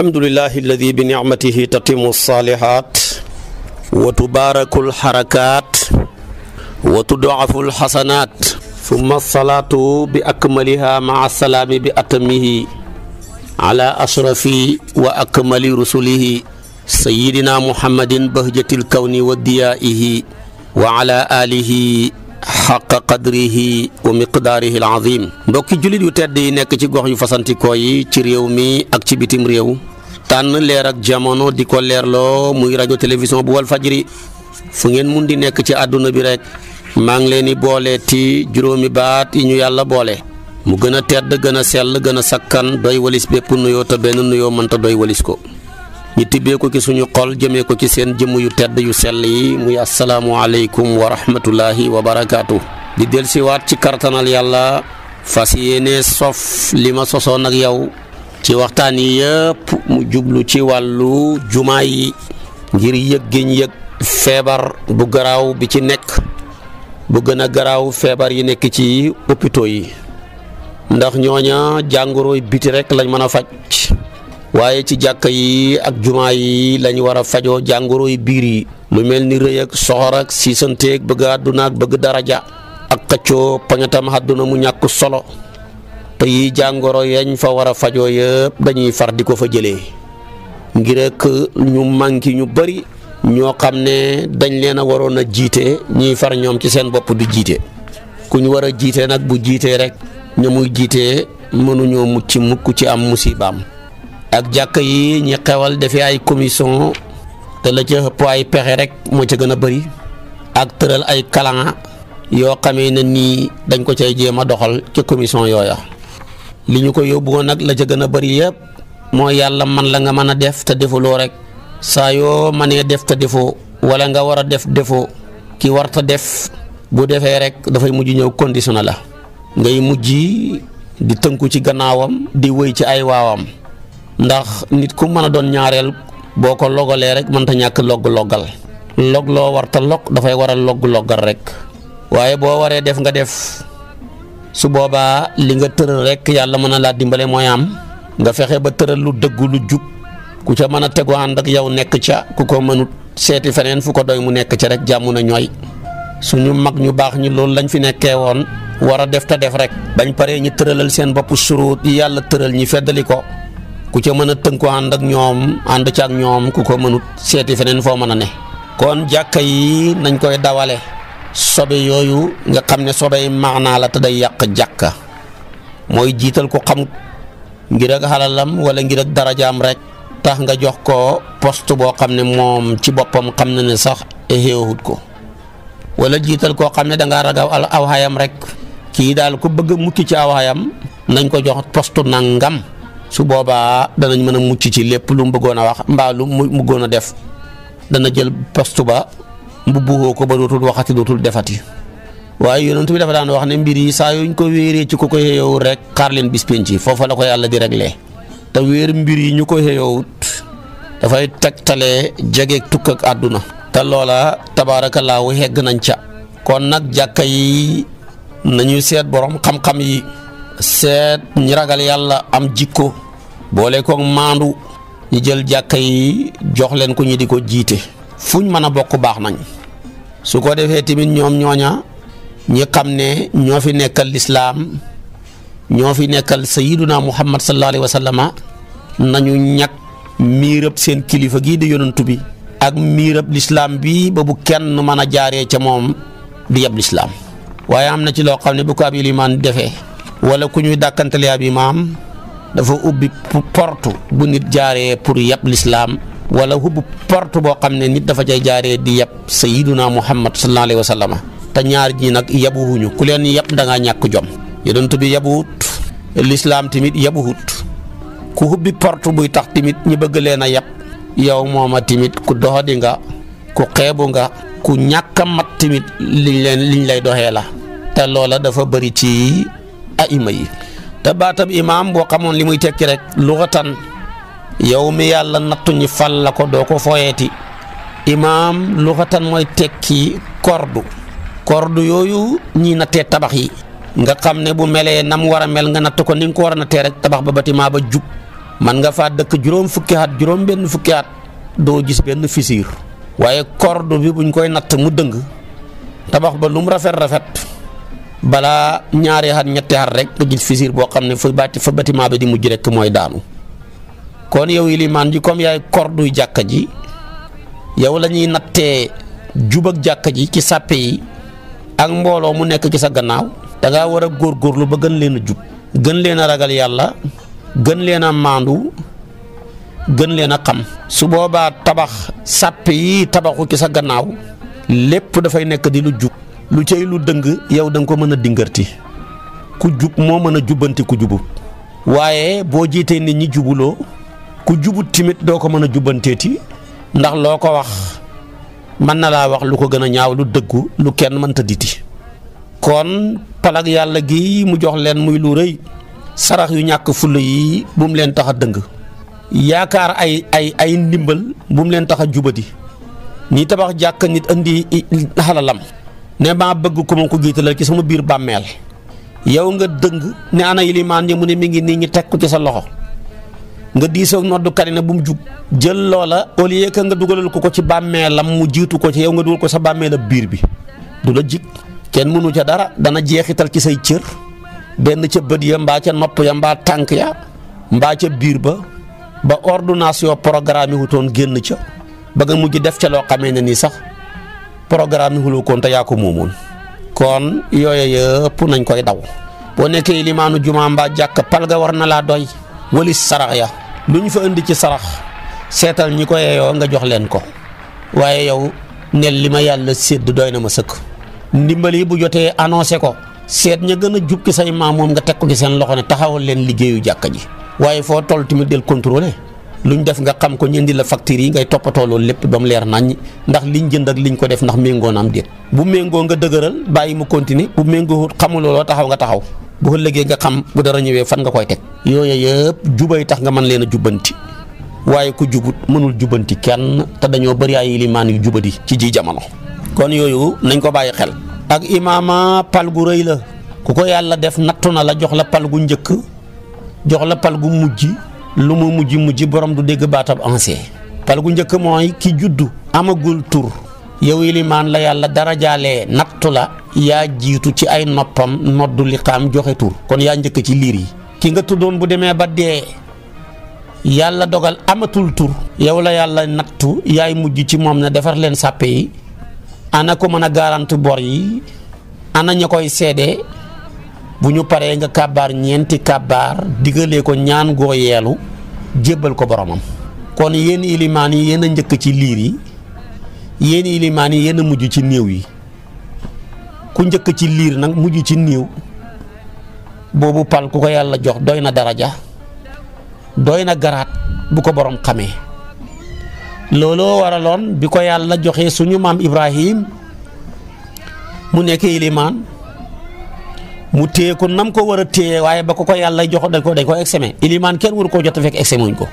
الحمد لله الذي بنعمته تتم الصالحات وتبارك الحركات وتضعف الحسنات ثم الصلاة بأكملها مع السلام بأتمه على أشرف وأكمل رسله سيدنا محمد بهجة الكون وديائه وعلى آله xaqa qadrihi wa miqdaarihi al azim mbokki jullit yu tedd yi nekk ci gox yu fasantikoo yi ci réew mi ak ci bitim réew tànn leer ak jamono di ko leerloo muy rajo télévision bu wal fajri fu ngeen mun di nekk ci àdduna bi rek maa ngi leen di booleeti juróomi baat yi ñu yàlla boole mu gën a tedd gën a sell gën a sakkan doy walis bépp nuyoo te benn nuyoo mënta doy walis ko ñu tibbee ko ci suñu xol jëmee ko ci seen jëmm yu tedd yu sell yi muy asalaamualeykum wa rahmatullahi wa barakaatu. di dellusiwaat ci kartanal yàlla fas yéene sof li ma sosoon ak yow ci waxtaan yi yëpp mu jublu ci wàllu jumaa yi ngir yëg yëg feebar bu garaaw bi ci nekk bu gën a garaaw feebar yi nekk ci hôpitaux yi ndax ñooña jàngoro biti rek lañ mën a faj. waaye ci jàkka yi ak jumaa yi lañ war a fajoo jàngoro yi biir yi lu mel ni rëy ak soxor ak siisanteeg bëgg àdduna ak bëgg daraja ak xëccoo poñatam àdduna mu ñàkk solo te yi jàngoro yañ fa war a fajoo yëpp dañuy far di ko fa jëlee ngir rek ñu manki ñu bari ñoo xam ne dañ leen a waroon a jiite ñiy far ñoom ci seen bopp du jiite ku ñu war a jiite nag bu jiitee rek ña muy jiitee mënuñoo mucc mukk ci am musibaam ak jakk yi ñi xewal defee ay commission te la ci ëpp ay pexe rek moo ca gën a bëri ak tëral ay kalan yoo xamee ne nii dañ ko cay jéem a doxal ci commission yooya li ko yóbbu nag la ca gën a bëri yëpp mooy yàlla man la nga mën def te defuloo rek saa yoo mënee def te defoo wala nga war def defoo ki war def bu defee rek dafay mujj ñëw conditionnel la ngay mujj di tënku ci gannaawam di wëy ci ay waawam ndax nit ku mën don doon ñaareel boo ko rek mënta ñàkk logg loggal log war ta log da fay wara log logal rek waye bo waré def nga def su boba li nga rek yalla mën la dimbalé moy am nga fexé ba tëral lu dëgg lu juk ku ca mën a and ak yow nek ca ku ko mënut séti fenen fu ko doy mu nek ca rek jamu na ñoy suñu mag ñu bax ñu loolu lañ fi nekké won wara def ta def rek bañ paré ñi tëralal seen bop suruut yalla tëral ñi feddali ko ku ca mën a tënku ànd ak ñoom and ci ak ñoom ku ko mënut seeti fenen fo mën ne kon jàkka yi nañ koy dawale sobe yoyu nga xam sobe sobe maanaa la te day yàq jàkka mooy jiital ko xam ngir ak halalam wala ngir ak darajaam rek tax nga jox ko poste bo xam mom ci bopam xam ne sax xéewut ko wala jital ko xam da nga ragaw al awhayam rek ki daal ku bëgg mukki ci awhayam nañ ko jox poste nangam su boobaa danañ mën a mucc ci lépp lu mu bëggoon a wax mbaa lu mu bëggoon a def dana jël postu ba mbubbuwoo ko ba dootul waxati dootul defati waaye yonent bi dafa daan wax ne mbir yi saa yuñ ko wéeree ci ku ko xëyow rek xaar leen bis penc foofa la ko yàlla di réglé te wéer mbir yi ñu ko xëyowut dafay tegtalee jegeeg tukk ak àdduna te loola tabaarakallaahu hegg nañ ca kon nag jàkka yi nañuy seet boroom xam-xam yi. seet ñi ragal yàlla am jikko boole koog maandu ñi jël jàkka yi jox leen ko ñi di ko jiite fuñ mën a bokk baax nañ su ko defee tamit ñoom ñooña ñi xam ne ñoo fi nekkal lislaam ñoo fi nekkal sayyiduna muhammad sallallahu alayhi wa sallama nañu ñag miirab seen kilifa gii di yonantu bi ak miirab lislaam bi ba bu kenn mën a jaaree ca moom di yab lislaam waaye am na ci loo xam ne bu ko ab ilimaan defee wala ku ñuy dàkkantal ab maam dafa ubbi porte bu nit jaaree pour yab lislaam wala hubbu porte boo xam ne nit dafa cay jaaree di yab sayyiduna muhammad sallallahu alayhi wa sallam te ñaar ñi nag yabuwuñu ku leen yab da ngaa ñàkk jom yonent bi yabuwut lislaam tamit yabuwut ku hubbi porte buy tax tamit ñi bëgg leen a yab yow mooma tamit ku doxadi nga ku xeebu nga ku ñàkk a mat tamit liñ leen liñ lay doxee la te loola dafa bëri ci aima yi te baatab imaam boo xamoon li muy tekki rek luxatan yow mi yàlla nattu ñi fal la ko doo ko foyeeti imaam luxatan mooy tekki kordu kordu yooyu ñii nattee tabax yi nga xam ne bu melee nam war a mel nga natt ko ni nga ko war a nattee rek tabax ba bâtiment ba jub man nga faa dëkk juróom fukki at juróom benn fukki at doo gis benn fissure waaye kordu bi buñ koy natt mu dëng tabax ba lu mu rafet rafet balaa ñaari at ñetti at rek nga gis fisir boo xam ne fa bati fa bâtiment ba di mujj rek mooy daanu kon yow yi ilimaan ji comme yaay korduy jàkka ji yow lañuy ñuy nattee jub ak jàkka ji ci sàppe yi ak mbooloo mu nekk ci sa gannaaw danga war a góor góorlu ba gën leen a jub gën leen a ragal yàlla gën leen a maandu gën leen a xam su boobaa tabax sàppe yi tabaxu ci sa gannaaw lépp dafay nekk di lu jub lu cay lu dëng yow danga ko mën a dingarti ku jub moo mën a jubbanti ku jubut waaye boo jiitee nit ñi jubuloo ku jubut timit doo ko mën a jubbanteeti ndax loo ko wax mën na laa wax lu ko gën a ñaaw lu dëggu lu kenn mënta diti kon palag yàlla gi mu jox leen muy lu rëy sarax yu ñàkk fulla yi bu mu leen tax a dëng yaakaar ay ay ay ndimbal bu mu leen tax a jubati ñi tabax jàkk nit indi xalalam ne maa bëgg ku ma ko jiitalal ci sama biir bàmmeel yow nga dëng ne ana yilimaan ñi mu ne mi ngi nii ñu teg ko ci sa loxo nga diisoog noddu karina bu mu jug jël loola au lieu nga dugalal ko ko ci bàmmeelam mu jiitu ko ci yow nga dugal ko sa bàmmeelab biir bi du la jig kenn mënu ca dara dana jeexital ci say cër benn ca bët ya mbaa ca nopp ya mbaa tànk ya mbaa ca biir ba ba ordonnance yoo programme wutoon génn ca ba nga mujj def ca loo xamee ne nii sax programme yi xuloo koon te yaa ko moomoon kon yooyu yëpp nañ koy daw boo nekkee limaanu jumaa mbaa jàkk palga war na laa doy wali sarax ya lu ñu fa indi ci sarax seetal ñi ko yeeyoo nga jox leen ko waaye yow nel li ma yàlla sédd doy na ma sëkk ndimbal bu jotee annoncé ko seet ña gën a jub ki say maam moom nga teg ko ci seen loxo ne taxawal leen liggéeyu jàkka ji waaye foo toll tamit del contrôler luñ def nga xam ko ñu la facture yi ngay toppatoo loolu lépp ba mu leer nañ ndax liñ jënd ak liñ ko def ndax na am déet bu méngoo nga dëgëral bàyyi mu continuer bu méngoo xamuloo loo taxaw nga taxaw bu ëllëgee nga xam bu dara ñëwee fan nga koy teg yooyu yëpp jubay tax nga man leen a jubbanti waaye ku jubut mënul jubbanti kenn te dañoo bëri ay yu jubadi ci ji jamono kon yooyu nañ ko bàyyi xel ak imaama pal gu rëy la ku ko yàlla def nattu la jox la pal gu jox la lu mu mujj mujj borom du dégg baatab ansee pal gu njëkk mooy ki juddu amagul tur yow ilimaan la yàlla darajaalee nattu la yaa jiitu ci ay noppam noddu liqaam joxe tur kon yaa njëkk ci liir yi ki nga tuddoon bu demee ba dee yàlla dogal amatul tur yow la yàlla nattu yaay mujj ci moom na defar leen sàppe yi ana ko mën a garanti bor yi an ana ña koy seede buñu paré nga kabar ñenti kabar digëlé ko ñaan go yeelu jébbal ko boromam kon yeen iliman yi yéen ñëk ci liri yeen iliman yi yéen muju ci néew yi ku ñëk ci lir nak muju ci néew bobu pal ku ko yalla jox doy daraja doy na bu ko borom xamé lolo waralon biko yalla joxe suñu mam ibrahim mu nekk iliman mu téye ko nam ko war a téye waaye ba ko ko yàlla jox dañ ko dañ ko examen ilimaan kenn waru ko jot a fekk examen wuñ ko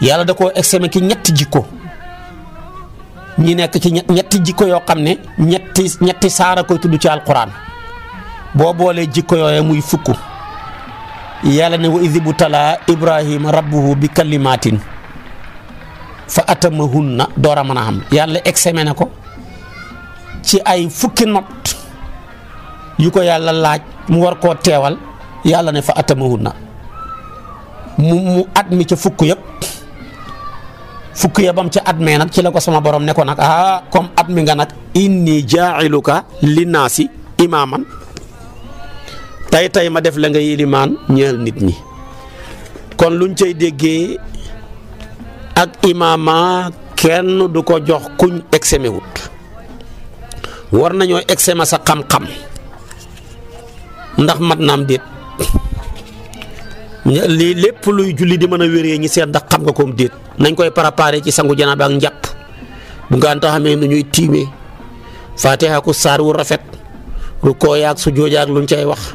yàlla da koo examen ki ñetti jikko ñi nekk ci ñetti jikko yoo xam ne ñetti ñetti saara koy tudd ci alquran boo boolee jikko yooye muy fukk yàlla ne wa idhibu tala ibrahima rabbuhu bi kalimatin fa atamahunna door a mën a xam yàlla examen na ko ci ay fukki not yu ko yàlla laaj mu war koo teewal yàlla ne fa atamahunna mu mu at mi ca fukk yëpp fukk ya bam ca at mee nag ci la ko sama borom ne ko nag ah comme at mi nga nag inni jaa'iluka linnaasi imaaman tey tey ma def la nga ilimaan ñeel nit ñi kon luñ cay déggee ak imaama kenn du ko jox kuñ exeme wut war nañoo exema sa xam-xam ndax mat nam dit li lepp luy julli di meuna wéré ñi sét ndax xam nga ko dit nañ koy préparer ci sangu janaba ak ñap bu nganta xamee nu ñuy timé fatiha ku saar wu rafet lu ko yaak su joojaag luñ cey wax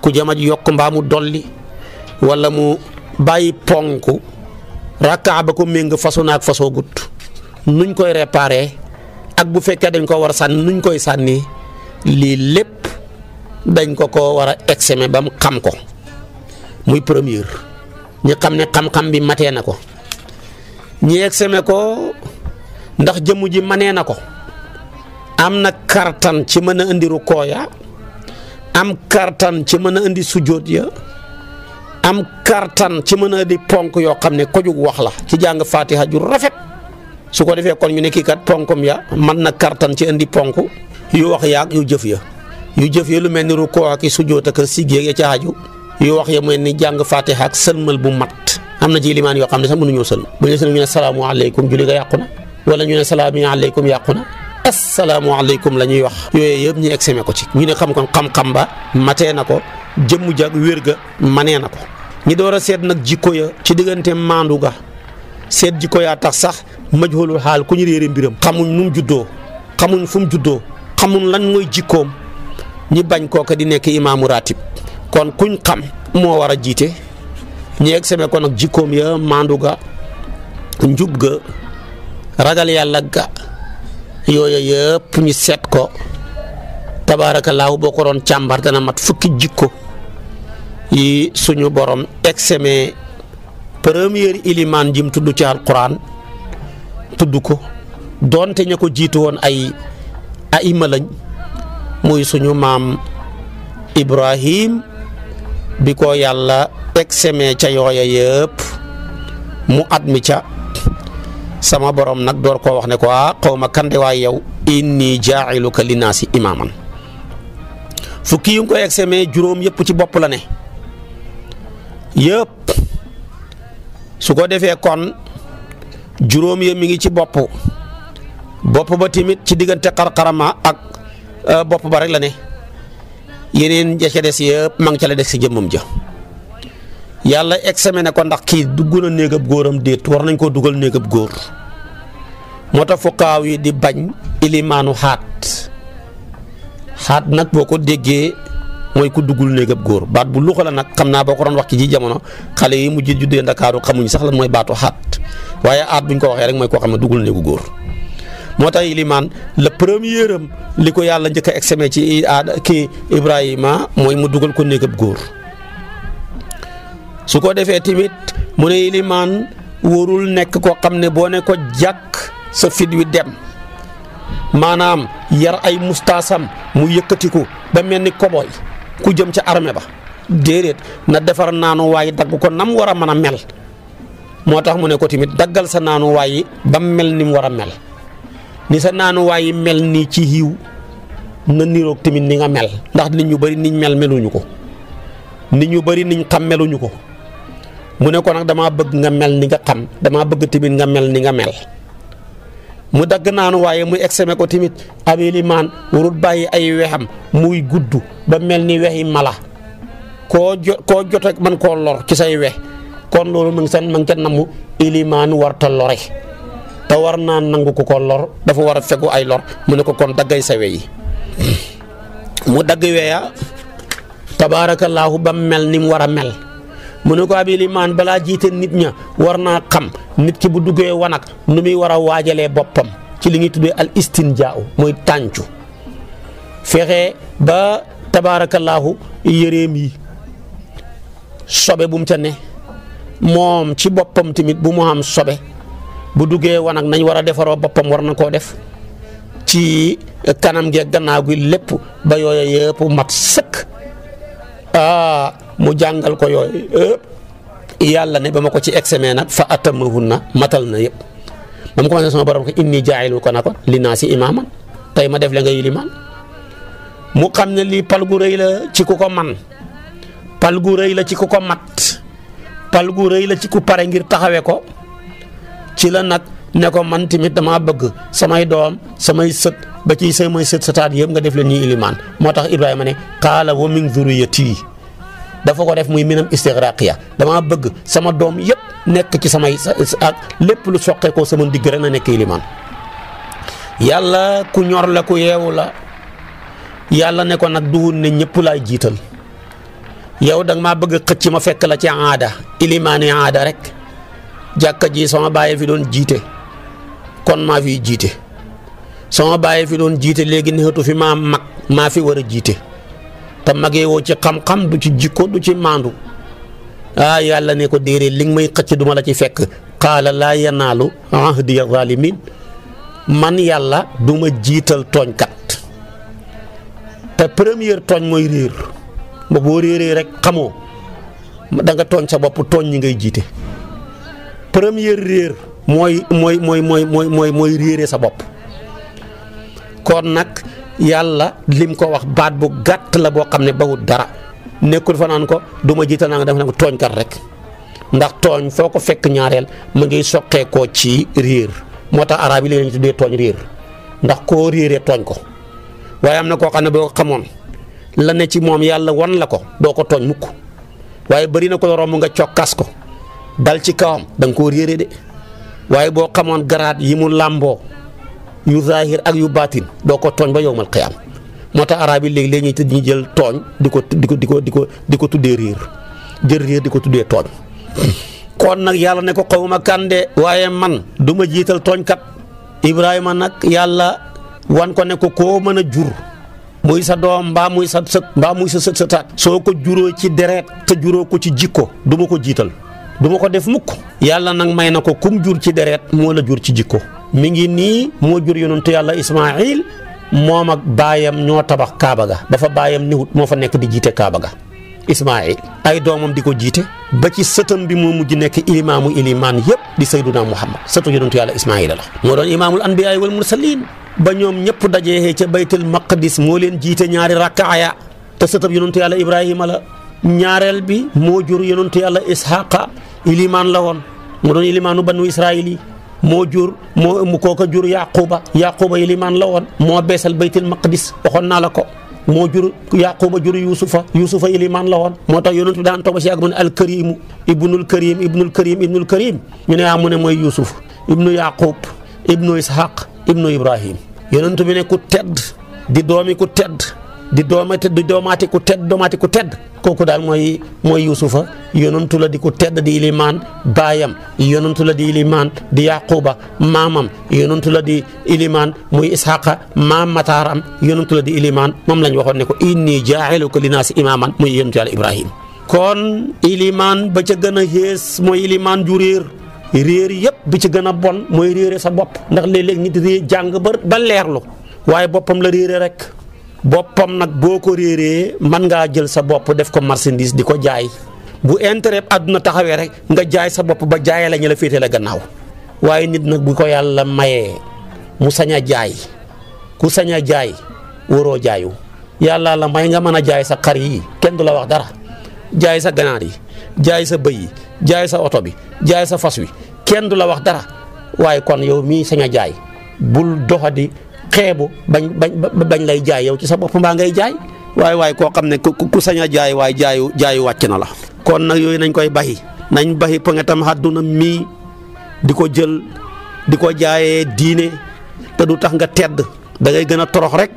ku jamaj yok mbaa dolli wala mu bayyi ponku rak'a ba ko meng fasuna ak faso gut nuñ koy réparer ak bu dañ ko war nuñ koy sanni li lepp dañ ko ko war a examen ba mu xam ko muy première ñu xam ne xam-xam bi matee na ko ñi examen ko ndax jëmm ji manee na ko am na kartan ci mën a indi rukkoo ya am kartan ci mën a indi sujjóot ya am kartan ci mën a indi ponk yoo xam ne ko jug wax la ci jàng faatiha ju rafet su ko defee kon ñu ne kii kat ponkum ya man na kartan ci indi ponk yu wax yaag yu jëf ya yu jëf yi lu mel ni rukkoo ak i sujjóot ak sigéeg ya ca aju yu wax ya mel ni jàng faatiha ak sëlmal bu mat am na ci limaan yoo xam ne sax mënuñoo sël bu ñu sël ñu ne salaamualeykum julli nga yàqu na wala ñu ne salaamualeykum yàqu na asalaamaaleykum la ñuy wax yooyu yëpp ñu exeme ko ci ñu ne xam-xam xam-xam ba matee na ko jëmm jag wér ga manee na ko ñi door a seet nag jikko ya ci diggante maandu ga seet jikko yaa tax sax majhulul xaal ku ñu réere mbiram xamuñ nu mu juddoo xamuñ fu mu juddoo xamuñ lan mooy jikkoom ñi bañ kooka di nekk imaamu kon kuñ xam moo war a jiite ñi exeme ko nag jikkoom ya maandu ga njub ga ragal yàlla ga yooyu yëpp ñu seet ko tabaarakallaahu boo ko doon càmbar na mat fukki jikko yi suñu borom exeme premier ilimaan jim tudd ci alquran tudd ko doonte ña ko jiitu woon ay aima lañ muy suñu mam ibrahim Biko yalla tek semé ca yoyé yépp mu admi ca sama borom nak dor ko wax ah, né ko a qawma kan de way yow inni ja'iluka linasi imaman fukki yu ko egg semee juróom yëpp ci bop la ne yépp su ko défé kon juróom ya mi ngi ci bop bop ba timit ci digënté qarqarama ak Euh, bopp ba rek la ne yeneen ja ca des yëpp ma ngi ca la des si jëmmam ja yàlla examiné ko ndax kii dugg na néegab góoram déet war nañ koo dugal néegab góor moo tax fukkaaw yi di bañ ilimaanu xaat xaat nag boo ko déggee mooy ku duggul néegab góor baat bu luxa la nag xam naa boo ko doon wax ci ji jamono xale yi mujj juddee ndakaaru xamuñ sax la mooy baatu xaat waaye aat buñ ko waxee rek mooy koo xam ne duggul néegu góor moo tax ilimaan la première am li ko yàlla njëkk a examen ci aada kii Ibrahima mooy mu dugal ko néegab góor su ko defee tamit mu ne ilimaan wóorul nekk koo xam ne boo ne ko jàkk sa fit wi dem maanaam yar ay mustaasam mu yëkkatiku ba mel ni koboy ku jëm ca arme ba déedéet na defar naanu waay dagg ko nam war a mën a mel moo tax mu ne ko tamit daggal sa naanu waaye ba mel ni mu war a mel ni sa naanuwaay mel nii ci yiw na niroog tamit ni nga mel ndax nit ñu bari niñ mel meluñu ko nit ñu bari niñ xam meluñu ko mu ne ko nag damaa bëgg nga mel ni nga xam damaa bëgg tamit nga mel ni nga mel mu dagg naanu waaye muy exeme ko tamit abilimaan warul bàyyi ay wexam muy gudd ba mel ni wexi mala koo jo koo jote man koo lor ci say wex kon loolu ma ngi seen ma ngi ca namu ilimaan warta lore te war naa nangu ku ko lor dafa war a fegu ay lor mu ne ko kon daggay sawe yi mu dagg weya tabaarakallaahu bam mel ni war a mel mu ne ko abi limaan balaa jiite nit ña war naa xam nit ki bu duggee wanag nu muy war a waajalee boppam ci li ñuy tuddee istin jaaw mooy tàncu fexe ba tabaarakallaahu yëreem yi sobe bu mu ca ci boppam tamit bu mu sobe bu won ak nañ wara défaro bopam war nañ ko def ci kanam gi gannaaw gi lepp ba yooya yëpp mat sekk ah mu jangal ko yoy yëpp yalla ne bama ko ci nak fa atamuhunna matal na yëpp ba sama borom ko inni ja'ilu ko na linasi imaman si ma def la ngay limaan mu xam li pal la ci kuko man pal gu la ci kuko mat pal gu rëy la ci ku pare ngir taxawé ko ci la nag ne ko man tamit damaa bëgg samay doom samay sët ba ci samay sët sëtaat yëpp nga def leen ñuy ilimaan moo tax Ibrahima ne qaala wa min zuriyati dafa ko def muy minam istigraqiya damaa bëgg sama doom yëpp nekk ci samay ak lépp lu soqeekoo sama digg rek na nekk ilimaan yàlla ku ñor la ku yeewu la yàlla ne nag duwul ne ñëpp laay jiital yow da nga maa bëgg xëcc ma fekk la ci aada ilimaani aada rek. jàkka ji sama bàyyee fi doon jiite kon maa fiy jiite sama bàyyee fi doon jiite léegi neexatu fi maa mag maa fi war a jiite te magee woo ci xam-xam du ci jikko du ci maandu ah yàlla ne ko déedéet li nga may xëcc duma la ci fekk qaala laa yanaalu ahdiya zalimin man yàlla duma ma jiital tooñkat te première tooñ mooy réer ba boo réeree rek xamoo da nga tooñ sa bopp tooñ ñi ngay jiite première réer mooy mooy mooy mooy mooy mooy mooy réere sa bopp kon nag yàlla lim ko wax baat bu gàtt la boo xam ne bawut dara nekkul fa ko du ma jiital naa nga def ne ko tooñkat rek ndax tooñ foo ko fekk ñaareel mu ngi soqeekoo ci réer moo tax araab yi leen tuddee tooñ ndax koo réeree tooñ ko waaye am na koo xam ne boo ko xamoon la ne ci moom yàlla wan la ko doo ko tooñ mukk waaye bari na ko romb nga cokkas ko dal ci kawam danga nga koo réere de waaye boo xamoon garaat yi mu làmboo yu zahir ak yu baatin doo ko tooñ ba yowmal am moo tax araab yi léegi léegi ñuy tëdd ñu jël tooñ di ko di ko di ko di ko di ko tuddee réer jël réer di ko tuddee tooñ kon nag yàlla ne ko xaw ma waaye man du ma jiital tooñkat Ibrahima nag yàlla wan ko ne ko koo mën a jur muy sa doom mbaa muy sa sët mbaa muy sa sët sëtaat soo ko juróo ci deret te juróo ko ci jikko du ma ko jiital du ma ko def mukk yàlla nag may na ko kum jur ci deret moo la jur ci jikko mi ngi nii moo jur yonentu yàlla Ismaayil moom ak baayam ñoo tabax Kaaba ga dafa fa baayam niwut moo fa nekk di jiite Kaaba ga Ismaayil ay doomam di ko jiite ba ci sëtam bi mu mujj nekk ilimaamu ilimaan yëpp di sayduna Muhammad sëtu yonentu yàlla Ismaayil la moo doon imaamul anbiyaay wal mursaliin ba ñoom ñëpp dajee ca baytul maqdis moo leen jiite ñaari rakkaaya te sëtam yonentu yàlla Ibrahima la ñaareel bi moo jur yonentu yàlla Isxaaqa ilimaan la woon mu doon ilimaanu banu israil yi moo jur moo mu kooka jur yaquba yaquba ilimaan la woon moo beesal baytil maqdis waxoon naa la ko jur yaquba jur yusufa yusufa ilimaan la woon moo tax yonent bi daan toog ba si yàgg mu ibnul karim ibnul karim ibnul karim ñu ne ne mooy yusuf ibnu yaqub ibnu ishaq ibnu ibrahim yonent bi ne ku tedd di doomi ku di doomate di doomaate ku tedd doomaate ku tedd kooku daal mooy mooy yuusufa yonantu la di ku tedd di ilimaan baayam yonantu la di ilimaan di yaquba maamam yonantu la di ilimaan muy ishaqa maam mataaram yonantu la di ilimaan moom la ñu waxoon ne ko inni jaaxiluka linaasi imaaman muy yonantu yàlla ibrahim kon ilimaan ba ca gën a xées mooy ilimaan ju réer réer yëpp bi ci gën a bon mooy réere sa bopp ndax léeg-léeg nit réer jàng ba ba leerlu waaye boppam la réere rek boppam nag boo ko réeree man ngaa jël sa bopp def ko marchandise di ko jaay bu intérêt àdduna taxawee rek nga jaay sa bopp ba jaayee la la féetee la gannaaw waaye nit nag bu ko yàlla mayee mu sañ a jaay ku sañ a jaay waroo jaayu yàlla la may nga mën a jaay sa xar yi kenn du la wax dara jaay sa ganaar yi jaay sa bëy yi jaay sa oto bi jaay sa fas wi kenn du la wax dara waaye kon yow mii sañ a jaay bul doxadi xébu bañ bañ bañ lay jaay yow ci sa bop ma ngay jaay way way ko xamné ku ku sañ jaay waaye jaayu jaayu na la kon nak yoy nañ koy bayi nañ bayi pengetam àdduna mii di ko jël diko jaayé diiné té du tax nga tedd da ngay gëna torox rek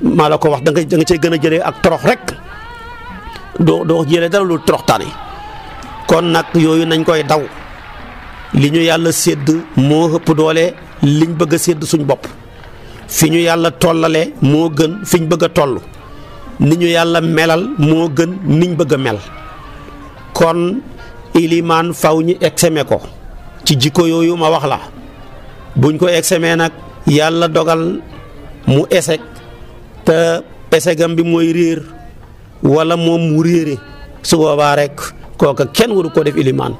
mala ko wax da ngay nga cay ak torox rek do do jëlé dara lu toroxtaane kon nak yooyu nañ koy daw liñu yalla sedd mo hëpp doolé liñ bëgg sedd suñ bopp fi ñu yàlla tollalee moo gën fi ñu bëgg a toll ni ñu yàlla melal moo gën niñ bëgg a mel kon ilimaan faw ñu exeme ko ci jikko yooyu ma wax la buñ ko exeme nag yàlla dogal mu esek te esegam bi mooy réer walla moom mu réere su boobaa rek kooka kenn waru ko def ilimaan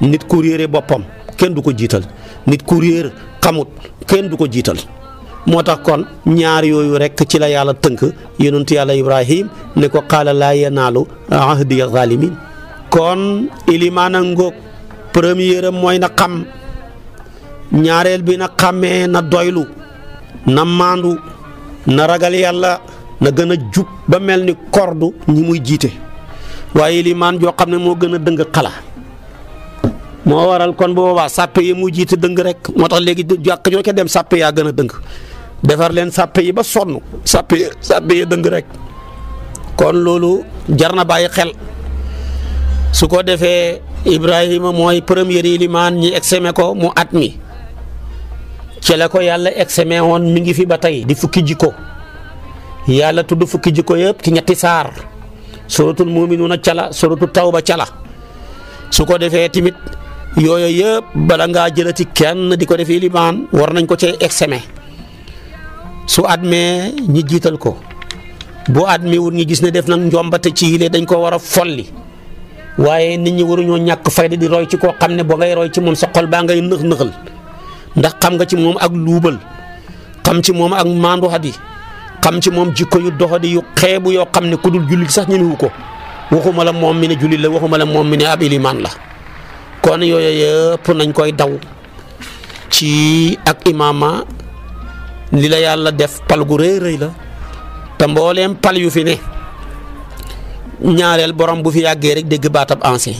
nit ku réere boppam kenn du ko jiital nit ku réer xamut kenn du ko jiital moo tax kon ñaar yooyu rek ci la yàlla tënk yonentu yàlla ibrahim ne ko qaala laa yanaalu ahdi zalimin kon ilimaana ngóog ngoog am mooy na xam ñaareel bi na xàmmee na doylu na maandu na ragal yàlla na gën a jub ba mel ni kordu ñi muy jiite waaye ilimaan joo xam ne moo gën a dëng xala moo waral kon bu boobaa yi muy jiite dëng rek moo tax léegi jàkk joo ca dem sàppe yaa gën a dëng defar len sappe yi ba sonu sappe sappe yi rek kon lulu jar na xel su ko ibrahim Ibrahima premier liman ñi exeme ko mu atmi ci la ko yalla exeme won mi ngi fi ba tay di fukki jiko yalla tuddu fukki jiko yeb ci ñetti sar suratul muminuuna cala suratu tawba cala su ko defee tamit yooyu yëpp bala nga jëlati kenn di ko def liman war nañ ko ci exeme su admee ñi jiital ko bu admee wut ñi gis ne def nag njombate ci yile dañ koo war a folli waaye nit ñi waruñoo ñàkk fayda di roy ci koo xam ne boo ngay roy ci moom sa xol baa ngay nëx nëxal ndax xam nga ci moom ak luubal xam ci moom ak maandu xam ci moom jikko yu di yu xeebu yoo xam ne ku dul jullit sax ñu ñemewu ko waxuma la moom mi ne jullit la waxuma la moom mi ne ab ilimaan la kon yooyu yëpp nañ koy daw ci ak imaama li la yàlla def pal gu rëy rëy la te mbooleem pal yu fi ne ñaareel borom bu fi yàggee rek dégg baatab ancien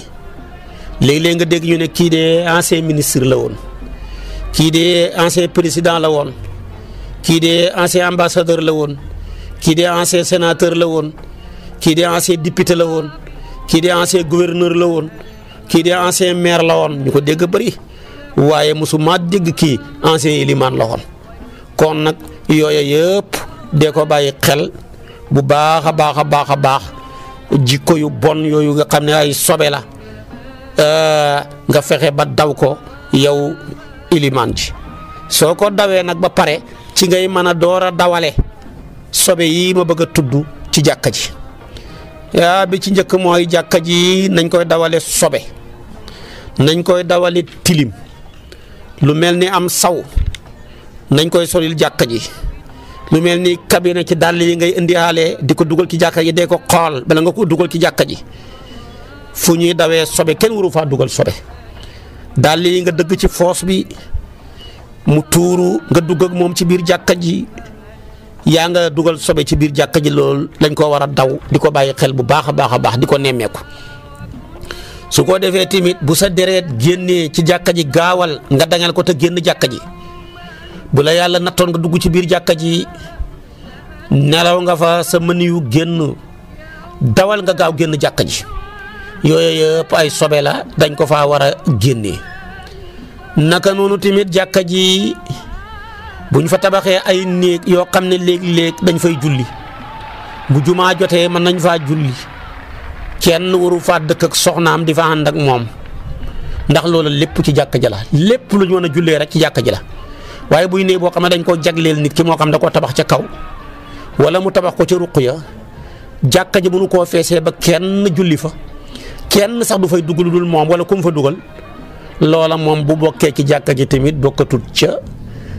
léeg-léeg nga dégg ñu ne kii de ancien ministre la woon kii de ancien président la woon kii de ancien ambassadeur la woon kii de ancien sénateur la woon kii de ancien député la woon kii de ancien gouverneur la woon kii de ancien maire la woon ñu ko dégg bari waaye mosuma dégg kii ancien élimaan la woon. kon nag yooya yëpp dee ko bàyyi xel bu baax a baax a baax a baax jikko yu bon yooyu nga xam ne ay sobe la euh, nga fexe ba daw ko yow ilimaan ji soo ko dawee nag ba pare ci ngay mën a door a dawale sobe yii ma bëgg a tudd ci jàkka ji yaa bi ci njëkk mooy jàkka ji nañ koy dawale sobe nañ koy dawale tilim lu mel ni am saw nañ koy solil jakka ji lu melni ni ci dal yi ngay indi ale diko duggal ci jakka ji de ko xool bala nga ko duggal ci jakka ji fu ñuy sobe ken wuru fa duggal sobe dal yi nga deug ci foos bi mu tuuru nga dugg ak mom ci bir jakka ji ya nga duggal sobe ci bir jakka ji lol lañ ko wara daw diko ko xel bu baax a baax diko nemeku di ko bu sa dereet génnee ci jakka ji gawal nga dangal ko te génn jakka ji bu la yàlla nattoon nga dugg ci biir jàkka ji nelaw nga fa sa mën yu génn dawal nga gaaw génn jàkka ji yooyu yëpp ay sobe la dañ ko fa war a génnee naka noonu tamit jàkka ji buñ fa tabaxee ay néeg yoo xam ne dañ fay julli bu jumaa jotee mën nañ faa julli kenn waru faa dëkk ak soxnaam di fa ànd ak moom ndax loolu lépp ci jàkka ji la lépp lu ñu mën a jullee rek ci jàkka ji la waaye buy néeg boo xam ne dañ koo jagleel nit ki moo xam da koo tabax ca kaw wala mu tabax ko ca ruq ya jàkka ji mënu koo feesee ba kenn julli fa kenn sax du fay dugg lu dul moom wala ku fa dugal loola moom bu bokkee ci jàkka ji tamit bokkatut ca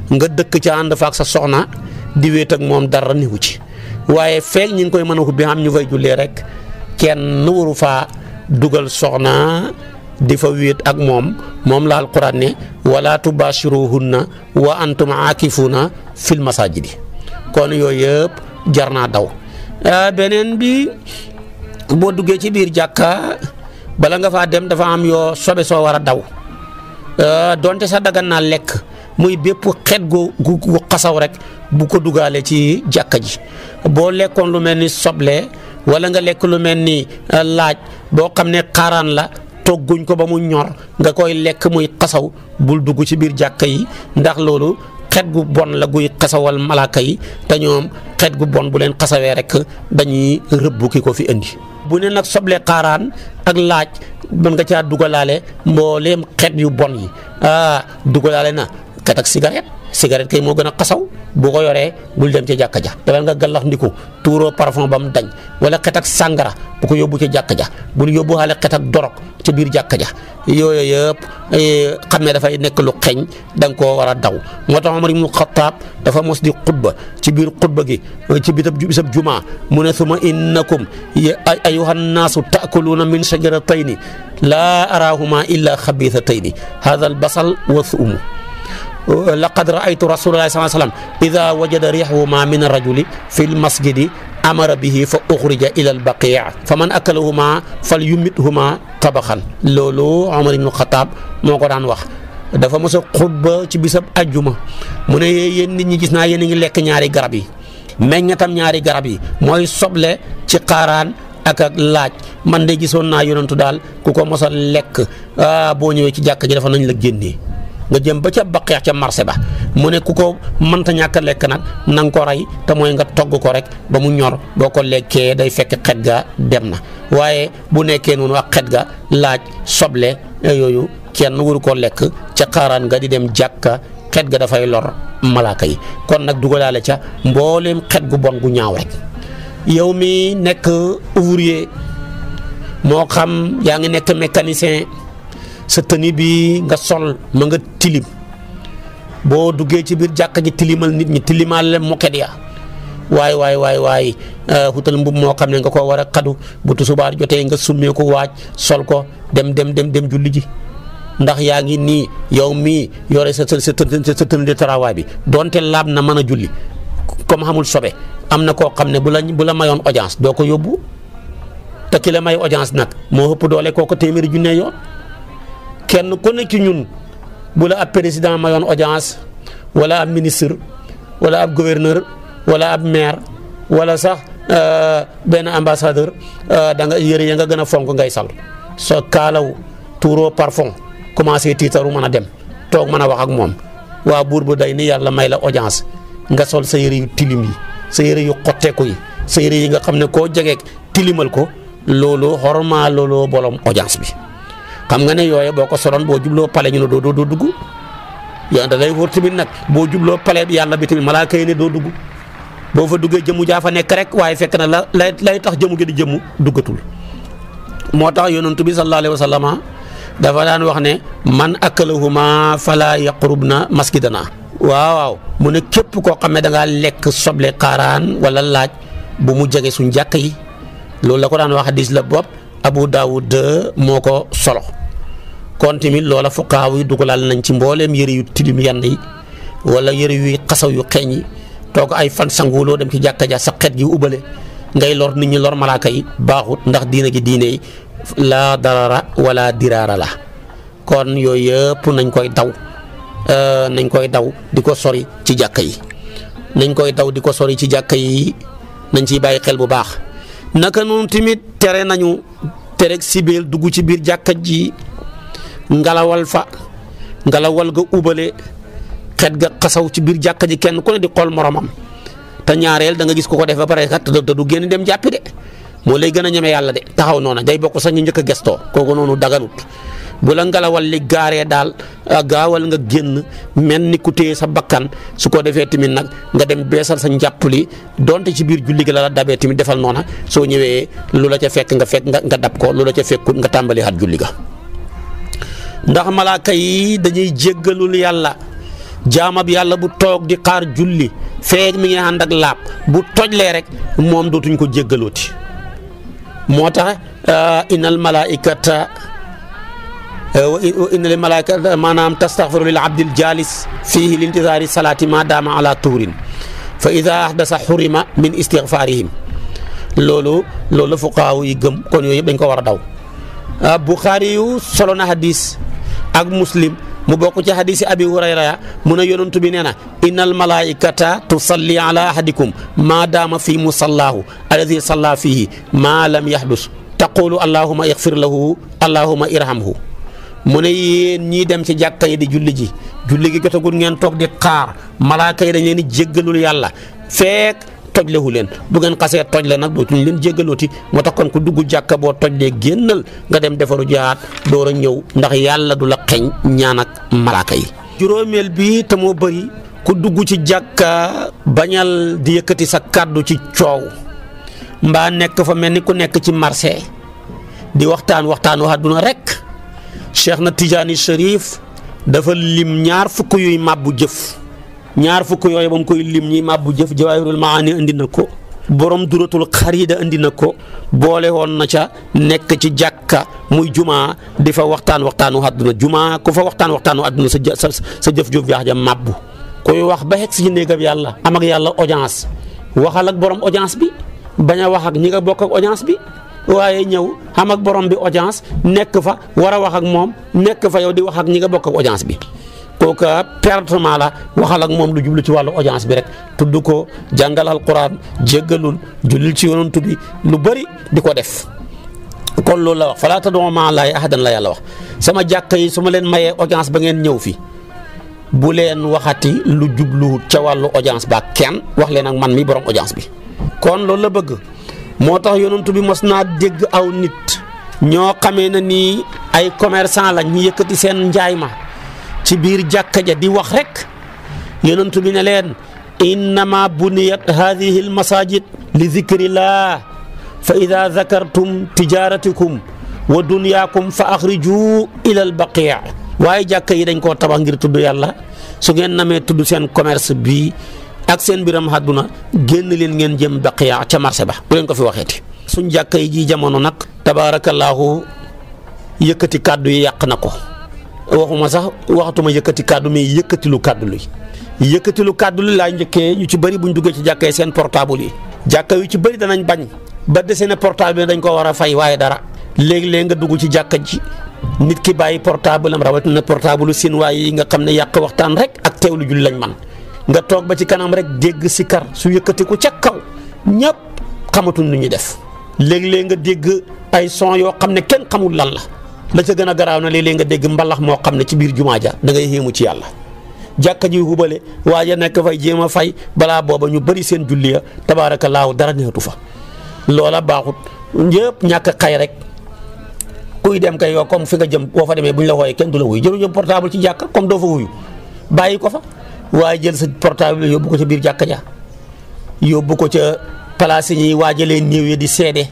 nga dëkk ca ànd fa sa soxna di wéet ak moom dara niwu ci waaye feeg ñu ngi koy mën a ubbi am ñu fay jullee rek kenn waru faa dugal soxna di fa wéet ak moom moom la alquran ne wala tubaashiruhunna wa antum aakifuuna fil masaajidi kon yooyu yëpp naa daw ah, beneen bi boo duggee ci biir jàkka bala nga fa dem dafa am yoo sobe soo war a daw ah, donte sa dagan naa lekk muy bépp xet gu gu xasaw rek bu ko dugaale ci jàkka ji boo lekkoon lu mel ni soble walla nga lekk lu mel ni ah, laaj boo xam ne xaaraan la togguñ ko ba mu ñor nga koy lekk muy xasaw bul dugg ci biir jàkka yi ndax loolu xet gu bon la guy xasawal malaaka yi te ñoom xet gu bon bu leen xasawee rek dañuy rëbb ki ko fi indi bu ne nag soble xaaraan ak laaj mën nga caa dugalaale mbooleem xet yu bon yi ah dugalaale na xet ak cigarette cigarette kay moo gën a xasaw boo ko yoree bul dem ci jàkka ja demal nga gallax ndiku tuuroo parfum ba mu dañ wala xet ak sàngara bu ko yóbbu ci jàkka ja bul yóbbu xale xet ak dorog ci biir jàkka ja yooyu yëpp eh, xam ne dafay nekk lu xeeñ da ko koo war a daw moo tax mu ibnu Xattaab dafa mos di xutba ci biir xutba gi eh, ci bitab bisab jumaa mu ne suma innakum ayuha nnaasu taakuluuna min shajaratayni laa araahuma illa xabiitatayni haada albasal wa thuumu laqad raaytu rasulullahi sallallahu alayhi wa sallam ida wajada riixahuma min arrajuli fi lmasjidi amara bihi fa uxrija ila albaqi fa man akalahuma fal yumithuma tabaxan loolu Omar ibnu Xataab moo ko daan wax dafa mos a xutba ci bisab ajjuma mu ne yéen nit ñi gis naa yéen a ngi lekk ñaari garab yi meññatam ñaari garab yi mooy soble ci xaaraan ak ak laaj man de gisoon naa yonantu daal ku ko mos a lekk ah, boo ñëwee ci jàkk ji dafa nañ la génnee nga jëm ba ca baqeex ca marché ba mu ne ko mënta ñàkk lekk nag na nga ko rey te mooy nga togg ko rek ba mu ñor boo ko lekkee day fekk xet ga dem na waaye bu nekkee noonu ak xet ga laaj soble eh, yooyu kenn waru ko lekk ca xaaraan nga di dem jàkka xet ga dafay lor malaaka yi kon nag dugalaale ca mbooleem xet gu bon gu ñaaw rek yow mi nekk ouvrier moo xam yaa ngi nekk mécanicien sa tenue bi nga sol ma nga tilim bo duggé ci bir jakk ji tilimal nit ñi tilimal wai moket ya way way way euh hutal mbub mo xamne nga ko wara xadu bu subar nga ko waaj sol ko dem dem dem dem julli ji ndax yaangi yomi yow mi yore sa sa sa tenue de travail bi donté lab na mëna julli comme xamul sobe amna ko xamne bu la bu la mayon audience ko yóbbu te ki la may audience nak mo hupp doole koko téeméeri junne yoon kenn ku ne ci ñun bu ab président mayoon audience wala ab ministre wala ab gouverneur wala ab maire wala sax euh, benn ambassadeur euh, da nga yëre ya nga gën a fonk ngay sal soo kaalaw tuuroo parfum commencé tiitaru mën a dem toog mën a wax ak moom waa buur bu day ni yàlla may la audience nga sol sa yëre yu tilim yi sa yëre yu xotteeku yi sa yëre yi nga xam ne koo jegeek tilimal ko loolu xormaa looloo bolom audience bi xam nga ne yooye boo ko soloon boo jubloo pale ñu ne doo doo dugg yow da lay wóor tamit nag boo jubloo pale yàlla bi tamit malaaka yi ne doo dugg boo fa duggee jëmmu jaa fa nekk rek waaye fekk na la lay lay tax jëmu gi di jëmu duggatul moo tax yonent bi sallallahu alayhi wa sallam dafa daan wax ne man akalahuma fala yaqrubna masjidana waaw waaw mu ne képp koo xam ne da ngaa lekk soble xaaraan wala laaj bu mu jege suñ jàkk yi loolu la ko daan wax hadis la bopp abu daawud moko solo kon timi lola fuqaw yi dugulal nañ ci mbollem yere yu tilim yand yi wala yere yu xassaw yu xeeñ yi ay fan sanguwuloo dem ci jakka ja sa xet gi ubale ngay lor nit ñi lor malaka yi baaxut ndax diina gi diine la darara wala dirara la kon yoy yëpp nañ koy daw euh, nañ koy daw diko sori ci jakka yi nañ koy daw diko sori ci jakka yi nañ ci xel bu baax naka noonu tamit tere nañu tereg sibeel dugg ci biir jàkka ji ngalawal fa ngalawal ga ubale xet ga xasaw ci biir jàkka ji kenn ku di xool moromam te ñaareel da nga gis ku ko def ba pare kat te du génn dem jàppi de moo lay gën a ñeme yàlla de taxaw noona day bokk sax ñu njëkk a gestoo kooku noonu daganut bu la ngelawal li gaaree daal ah, gaawal nga génn mel ni ku téye sa bakkan su ko defee tamit nag nga dem beesal sa njàpp li donte ci biir julli gi la la dabee tamit defal noona soo ñëwee lu la ca fekk nga fekk nga dab ko lu la ca fekkut nga tàmbalee xat julli ga ndax malaaka yi dañuy jéggalul yàlla jaamab yàlla bu toog di xaar julli feeg mi ngi ànd ak laab bu tojlee rek moom dootuñ ko jéggalooti moo tax ah, innal malaikata وإن الملائكة ما نام تستغفر للعبد الجالس فيه لانتظار الصلاة ما دام على طور فإذا أحدث حرم من استغفارهم لولو لولو فقهاء يغم كون يوي دنج كو داو البخاري حديث اك مسلم مو بوكو حديث ابي هريره من يونت بي نينا ان الملائكه تصلي على احدكم ما دام في مصلاه الذي صلى فيه ما لم يحدث تقول اللهم اغفر له اللهم ارحمه mu ne yéen ñii dem ci jàkka yi di julli ji julli gi jotagul ngeen toog di xaar malaaka yi dañ leen di jéggalul yàlla feek tojlewu leen bu ngeen xasee tojle nag dootuñ leen jéggalooti moo tax kon ku dugg jàkka boo tojlee génnal nga dem defaru jaat door a ñëw ndax yàlla du la xeñ ñaan ak malaaka yi juróomeel bi te moo ku dugg ci jàkka bañal di yëkkati sa kàddu ci coow mbaa nekk fa mel ni ku nekk ci marché di waxtaan waxtaan waxtaanu àdduna rek cheikh na Tijaani Cherif dafa lim ñaar fukk yooyu màbbu jëf ñaar fukk yooyu ba mu koy lim ñiy màbbu jëf jawaahirul ni indi na ko borom duratul xarida indi na ko boole woon na ca nekk ci jàkka muy jumaa di fa waxtaan waxtaanu àdduna jumaa ku fa waxtaan waxtaanu àdduna sa sa sa jëf ju baax ja màbbu koy wax ba xeg si néegam yàlla am ak yàlla audience waxal ak borom audience bi bañ a wax ak ñi bokk ak audience bi. waye ñew am ak borom bi audience wara fa wara wax ak niga nek fa yow di wax ak ñi bokk audience bi koka pertement la waxal ak mom lu jublu ci walu audience bi rek tuddu ko jàngal alquran jéggalul julil ci yonantu bi lu bari diko def kon lo la wax falaa ahadan la wax sama jakkay suma len maye audience ba ngeen ñew fi bu len waxati lu jublu ci walu audience ba kenn wax len ak man mi borom audience bi kon lo la bëgg motax yonentou bi mosna deg aw nit ño xamé na ni ay commerçant la ñi yëkëti seen njaayma ci biir jàkka ja di wax rek yonentou bi ne leen innama buniyat hadihi almasajid li zikrillah fa ida zakartum tijaratikum wa dunyakum fa akhriju ila albaqia waaye jàkka yi dañ ko tabax ngir tudd yàlla su ngeen namé tuddu seen commerce bi ak seen mbiram àdduna génn leen ngeen jëm yaa ca marché ba bu leen ko fi waxeeti suñ jàkka yi ji jamono nag tabaarakallaahu yëkkati kàddu yi yàq na ko waxuma sax waxatuma yëkkati kàddu mais yëkkati lu kàddu luy yëkkati lu kàddu lu laa njëkkee ñu ci bëri buñ duggee ci jàkka yi seen portable yi jàkka yu ci bëri danañ bañ ba desee ne portable bi dañ ko war a fay waaye dara léegi-léeg nga dugg ci jàkka ji nit ki bàyyi portable am rawatina portable seen waaye yi nga xam ne yàq waxtaan rek ak teewlu jul lañ man nga toog ba ci kanam rek dégg sikar su yëkkatiku ca kaw ñëpp xamatuñ lu ñuy def léeg-léeg nga dégg ay son yoo xam ne kenn xamul lan la la ca gën a garaaw na léeg nga dégg mbalax moo xam ne ci biir jumaa ja da ngay yéemu ci yàlla jàkka ji hubale waaye nekk fay jéem a fay balaa booba ñu bari seen julli ya laaw dara neexatu fa loola baaxut ñëpp ñàkk xay rek kuy dem kay yoo comme fi nga jëm boo fa demee bu ñu la wooyee kenn du la wuyu jëru jëm portable ci jàkka comme doo fa wuyu bàyyi ko fa waaye jël sa portable yóbbu ko ca biir jàkka ja yóbbu ko ca place yi ñuy leen néew yi di seede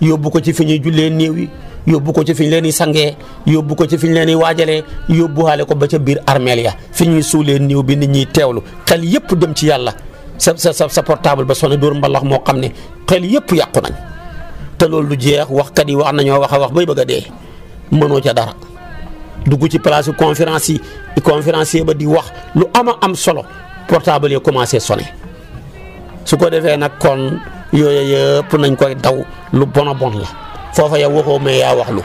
yóbbu ko ci fi ñuy jullee néew yi yóbbu ko ci fi ñu leen di sangee yóbbu ko ci fi ñu leen di waajalee yóbbuwaale ko ba ca biir armeel ya fi ñuy suulee néew bi nit ñuy teewlu xel yépp dem ci yàlla sa sa sa portable ba sonné dóor mbalax moo xam ne xel yépp yàqu nañ te loolu lu jeex waxkat yi wax nañoo wax a wax bay bëgg a dee mënoo ca dara. dugg ci place conférence yi conférencier ba di wax lu ama am solo portable yi commencé sonné su ko defee nag kon yooyu yëpp nañ koy daw lu bon a bon la foofa yow waxoo mais yaa wax lu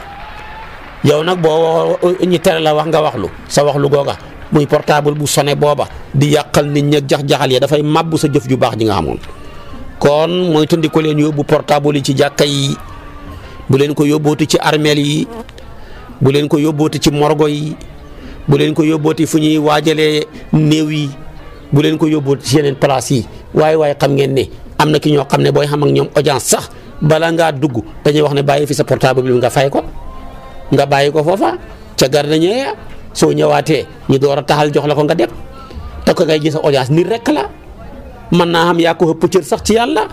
yow nag boo waxoo eh, tere la wax nga wax lu sa wax lu googa muy portable bu sonné booba di yàqal nit ñi jax-jaxal yi dafay màbbu sa jëf ju baax ji nga xamoon kon mooy tundi ko leen yóbbu portable yi ci jàkka yi bu leen ko yóbbootu ci armeel yi bu leen ko yóbbooti ci morgo yi bu leen ko yóbbooti fu ñuy waajalee néew yi bu leen ko yóbbooti ci yeneen place yi waaye waaye xam ngeen ne am na ki ñoo xam ne booy xam ak ñoom audience sax bala ngaa dugg dañuy wax ne bàyyi fi sa portable bi nga fay ko nga bàyyi ko foofa ca gardien ya soo ñëwaatee ñu door a taxal jox la ko nga dem te ko ngay gis audience nit rek la mën naa xam yaa ko ëpp cër sax ci yàlla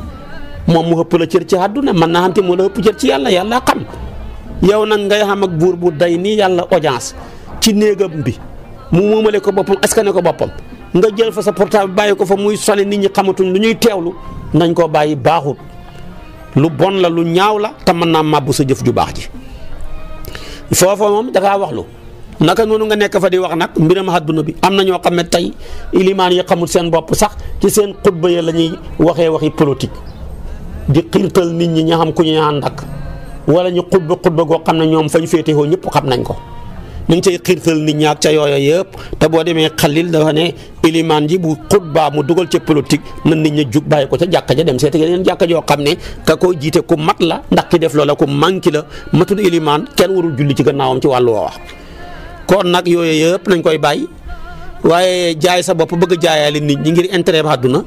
moom mu ëpp la cër ci àdduna mën naa xam te moo la ëpp cër ci yàlla yàlla xam. yow nag ngay xam ak buur bu day nii yàlla audience ci néegam bi mu moomale ko boppam askane ko boppam nga jël fa sa portable bàyyi ko fa muy sone nit ñi xamatuñ lu ñuy teewlu nañ koo bàyyi baaxut lu bon la lu ñaaw la te mën naa màbbu sa jëf ju baax ji foofa moom dangaa wax lu naka noonu nga nekk fa di wax nag mbiram àdduna bi am na ñoo xam ne tey ilimaan yi xamul seen bopp sax ci seen xutba ya la ñuy waxee waxi politique di xiirtal nit ñi ña xam ku ñuy wala ñu xutba xutba goo xam ne ñoom fañ féetewoo ñëpp xam nañ ko ñu ngi cay xiirtal nit ñaa ca yooya yëpp te boo demee xalil dafa ne ilimaan ji bu xutbaa mu dugal ca politique na nit ña jug bàyyi ko ca jàkka ja dem seeti yeneen jàkka joo xam ne ka koo jiite ku mat la ndax ki def loola ku manki la matul ilimaan kenn warul julli ci gannaawam ci wàllu woowa kon nag yooyu yëpp nañ koy bàyyi waaye jaay sa bopp bëgg jaayaale nit ñi ngir intere ba àdduna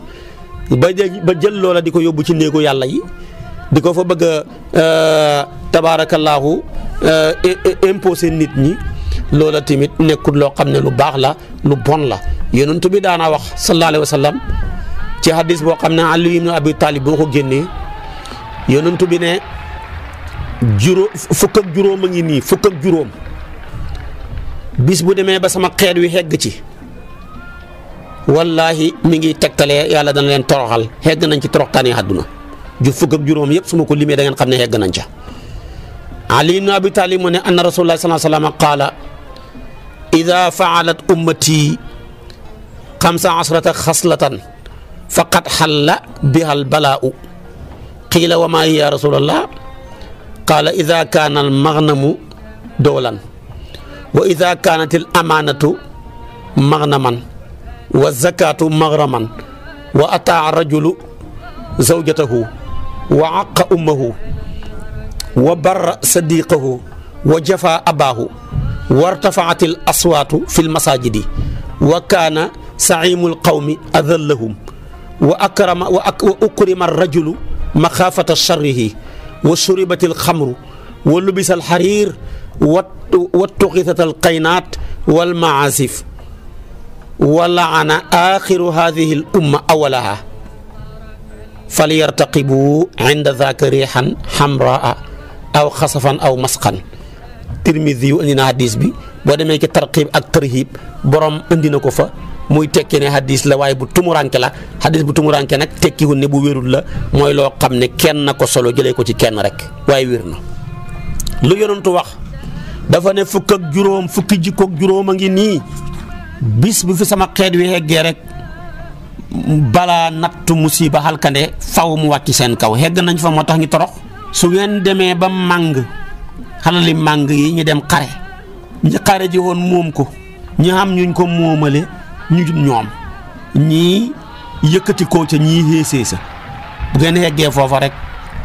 ba ba jël loola di ko yóbbu ci néegu yàlla diko fa bëgg euh a euh imposer nit ñi loola timit nekkul lo xamne lu bax la lu bon la yonentu bi daana wax sallallahu alayhi wasallam ci hadith bo xamne Ali ibn Abi Talib boo ko génnee yonent bi ne juro fuk ak juróom a ngi ni fuk ak juróom bis bu démé ba sama xeet wi hegg ci wallahi mi ngi tektalé yàlla dañ leen toroxal hegg nañ ci toroxtani haduna جفوك جروم يب سمو كل ميدان قبنا هي جنانجا علي بن ابي طالب من ان رسول الله صلى الله عليه وسلم قال اذا فعلت امتي خمس عشرة خصلة فقد حل بها البلاء قيل وما هي يا رسول الله قال اذا كان المغنم دولا واذا كانت الامانة مغنما والزكاة مغرما واتى الرجل زوجته وعق أمه وبر صديقه وجفى أباه وارتفعت الأصوات في المساجد وكان سعيم القوم أذلهم وأكرم وأكرم الرجل مخافة شره وشربت الخمر ولبس الحرير واتخذت القينات والمعازف ولعن آخر هذه الأمة أولها fal yartaqibu inda zaaka riixan xamraa aw xasafan aw masqan tirmidi yu indi na hadis bi boo demee ci tarqiib ak tarhiib borom indi na ko fa muy tekki ne hadis la waaye bu tumuranke la hadis bu tumuranke nag tekkiwul ne bu wérul la mooy loo xam ne kenn na ko solo jëlee ko ci kenn rek waaye wér na lu yonentu wax dafa ne fukk ak juróom fukki jikkook juróom ngi nii bis bu fi sama xeet wi heggee rek bala nattu musiba halkande faw mu wati sen kaw hegg nañ fa motax tax ñu torox su ngeen demee ba màng xalali mang yi ñu dem xare ñi xare ji won mom ko ñi am ñuñ ko momale ñu ñom ñi yëkëti ko ci ñi héesee sa bu ngeen heggé fofu rek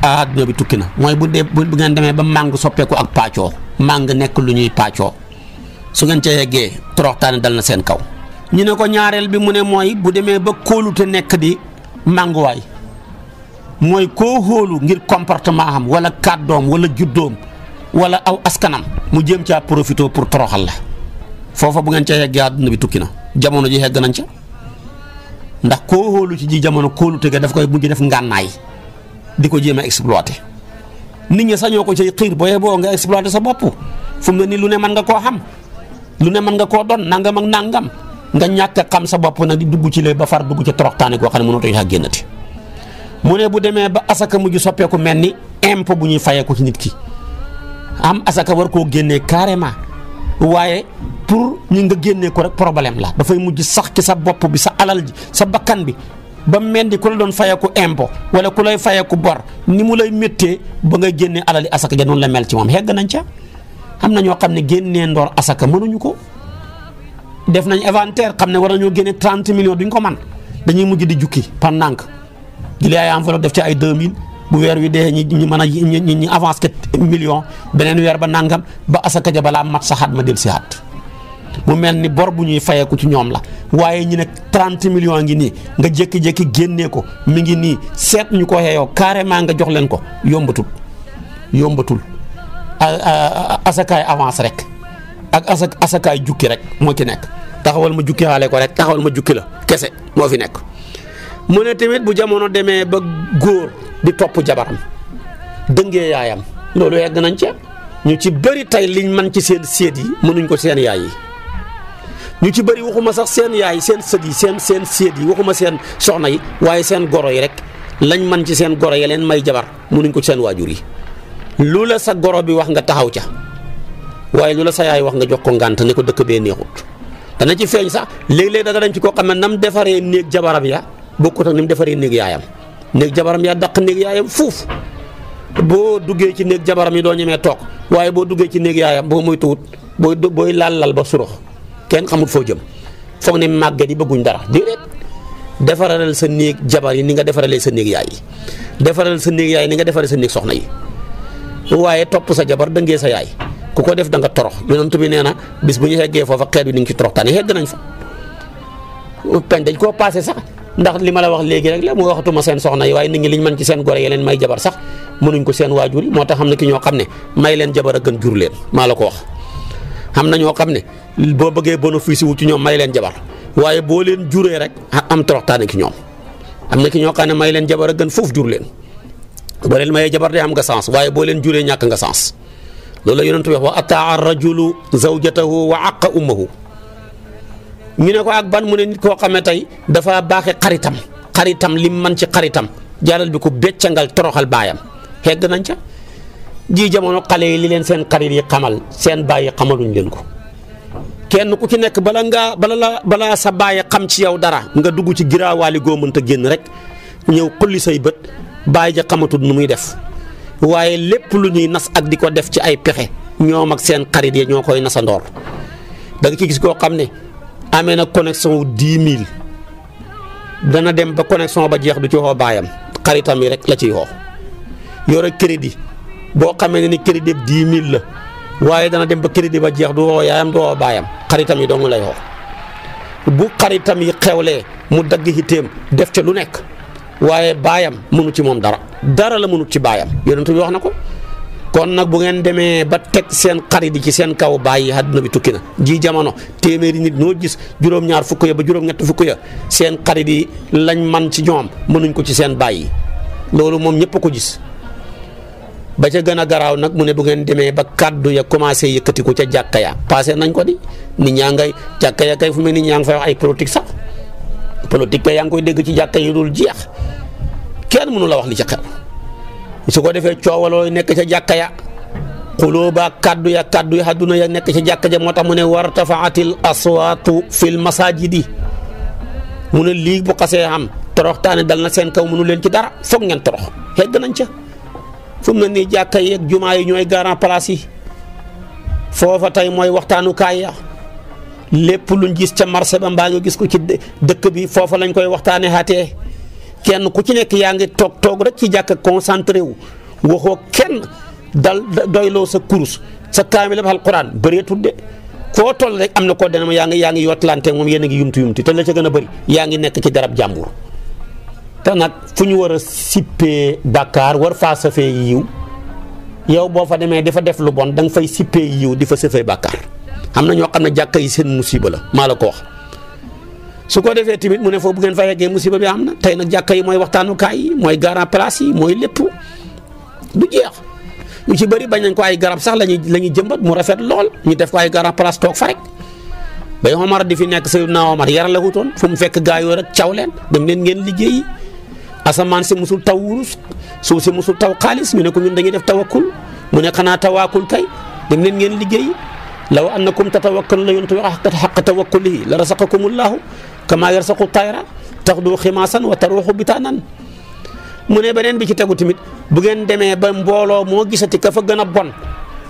aduna bi tukki na mooy bu dee bu ngeen demee ba soppé ko ak pàccoo mang nek lu ñuy pàccoo su ngeen heggé torox tan dal na sen kaw ñu ne ko ñaareel bi mu ne mooy bu demee ba kóolute nekk di mànguwaay mooy koo ngir comportement am wala kàddoom wala juddoom wala aw askanam mu jëm caa profité pour toroxal la foofa bu ngeen ca yeggee àdduna bi tukki na jamono ji yegg nañ ca ndax koo ci ji jamono kóolute ga daf koy mujj def ngànnaay di ko jéem a exploité nit ñi sañoo ko cay xiir booyee boo nga exploité sa bopp fu mu ne nii lu ne mën nga koo xam lu ne mën nga koo doon nangam ak nga ñàkk xam sa bopp nag di dugg ci lay ba far dugg ci tane koo xam ne mënutoo yaa génnati mu ne bu demee ba asaka mujj soppeeku mel ni impôt bu ñuy fayeeku ci nit ki am asaka war koo génnee carrément waaye pour ñu nga génnee ko rek problème la dafay mujj sax ci sa bopp bi sa alal ji sa bakkan bi ba mel ni ku la doon fayeeku wala ku lay fayeeku bor ni mu lay méttee ba nga génnee alali asaka ja noonu la mel ci moom hegg nañ ca am na ñoo xam ne génnee asaka mënuñu ko def nañ inventaire xam ne war nañoo génne 30 millions duñ ko man dañuy mujj di jukki par ndànk di lay ay enveloppe def ci ay 2000 bu weer wi dee ñi ñi mën a ñi ñi avance kat million beneen weer ba nangam ba asaka ja balaa mat saxaat ma del sihaat mu mel ni bor bu ñuy fayeeku ci ñoom la waaye ñu ne 30 millions ngi nii nga jékki génnee ko mi ngi nii seet ñu ko xeeyoo carrément nga jox leen ko yombatul yombatul asakaay avance rek ak asak asakaay jukki rek moo ci nekk taxawal ma jukki xaale ko rek taxawal ma jukki la kese moo fi nekk mu ne tamit bu jamono demee ba góor di topp jabaram dëngee yaayam loolu yegg nañ ci ñu ci bëri tey liñ man ci seen seet yi mënuñ ko seen yaay yi ñu ci bëri waxuma sax seen yaay seen sët yi seen seen séet yi waxuma seen soxna yi waaye seen goro yi rek lañ man ci seen goro yi leen may jabar mënuñ ko seen waajur yi lu la sa goro bi wax nga taxaw ca waaye lu la sa yaay wax nga jox ko ngànt ne ko dëkk bee neexut dana ci feeñ sax léeg-léeg danga dem ci koo xam ne nam defaree néeg jabaram ya bokkut ak ni mu defaree néeg yaayam néeg jabaram ya daq néeg yaayam fuuf boo duggee ci néeg jabaram yi doo ñemee toog waaye boo duggee ci néeg yaayam boo muy tuut booy booy laal lal ba surox kenn xamul foo jëm foog ne màgget yi bëgguñ dara déedéet defaral sa néeg jabar yi ni nga defaralee sa néeg yaay yi defaral sa néeg yaay ni nga defaree sa soxna waaye topp sa jabar dëngee sa yaay ku ko def da nga torox yonentou bi neena bis buñu ñu fofu foofa bi ni ngi torox tane hegg nañ fa pen dañ ko passé sax ndax li ma la wax léegi rek la mu waxatuma seen soxna yi waaye nit ñi liñ man ci seen gore yeleen may jabar sax mënuñ ko seen wajuri yi tax ki ño xamne may leen jabar ak gën jur leen maa la ko wax xam na xamne bo ne bénéfice wu ci ñoom may leen jabar waye bo leen juré rek am toroxtaane ki ñoom amna ki ño xamne may leen jabar ak gën fofu jur leen bo leen mayee jabar de am nga sens waye bo leen juré ñak nga sens loolu la yonent bi wax wa ataa rajulu zawjatahu wa aqa ummahu ñu ne ko ak ban mu ne nit koo xamee tey dafa baaxe xaritam xaritam lim man ci xaritam jaalal bi ko beccangal toroxal baayam xegg nañ ca ji jamono xale yi li leen seen xarit yi xamal seen baay yi xamaluñ leen ko kenn ku ci nekk bala ngaa bala la balaa sa baay xam ci yow dara nga dugg ci giraawaali goo mënta génn rek ñëw kulli say bët baay ja xamatul nu muy def waaye lépp lu ñuy nas ak di ko def ci ay pexe ñoom ak seen xarit ya ñoo koy nasandoor da nga ci gis koo xam ne amee na connexion wu 10 000 dana dem ba connexion ba jeex du ci woo baayam xaritam yi rek la ci woo yore crédit boo xamee ne ni crédit bi 10 000 la waaye dana dem ba crédit ba jeex du woo yaayam baayam xaritam yi doo dong lay woo bu xaritam yi xewlee mu dagg hiteem def ca lu nekk. waye bayam munu ci mom dara dara la munu ci bayam yonent wax kon nak bu ngeen sian ba tek sen xarit yi ci sen kaw bayyi àdduna bi tukina ji jamono temeri nit no gis jurom ñaar fukku ya ba jurom ñett fukku ya sen xarit yi lañ man ci ñom mënuñ ko ci sen bayyi lolu mom ñepp ko gis ba ca gëna a nak mu ne bu ngeen deme ba kaddu ya commencé yëkëti ko ca jakkaya passé nañ ko di ya ni ñaa jakkaya kay fu mu ne fay wax ay politique sax politique kay yang koy dégg ci jakkay yu dul jeex kenn mënu la wax li ci xew su ko defé ciowalo nek ci jakka ya quluba kaddu ya kaddu ya àdduna ya nek ci jakka ja motax tax wartafaatil fil masajidi mu li bu xasse am toroxtaane dal na sen kaw mënu len ci dara fokk ngeen torox xegg nañ ci fu mu ne nii yi ak juma yi ñoy garant place yi foofa tey mooy waxtaanukaay ya lepp luñu gis ci marché ba gis ko ci dekk bi lañ koy waxtane kenn ku ci nekk yaa ngi toog toog rek ci jàkk concentré wu waxoo kenn dal doyloo sa kurus sa kaamil ab alquran bëreetul de foo toll rek am na koo dana ma yaa ngi yaa ngi yottalante moom yéen a ngi yumtu yumti te la ca gën a bëri yaa ngi nekk ci darab jàmbur te nag fu ñu war a sippee bàkkaar war faa sëfee yiw yow boo fa demee di fa def lu bon da nga fay sippee yiw di fa safee bàkkaar am na ñoo xam ne jàkka yi seen musiba la maa la ko wax su ko defee tamit mu ne foofu bu ngeen fa yeggee musiba bi am na tey nag jàkka yi mooy waxtaanukaay yi mooy garant place yi mooy lépp du jeex ñu ci bëri bañ nañ ko ay garab sax lañuy la ñuy jëmbat mu rafet lool ñu def ko ay garant place toog fa rek bay Omar di fi nekk naa Omar yar la wutoon fu mu fekk gaa yoo rek caw leen dem leen ngeen liggéey liggéeyi asamaan si musul taw wurus su si musul taw xaalis ñu ne ko ñun dañuy def tawakkul mu ne xanaa tawaakul kay dem leen ngeen liggéeyi law annakum tatawakkaluna yontu xaq tawakkulihi la razaqakumullahu kama yarsaqu tayra taxdu ximaasan wa taruuxu bitaanan mu ne beneen bi ci tegu tamit bu ngeen demee ba mbooloo moo gisati ka fa gën a bon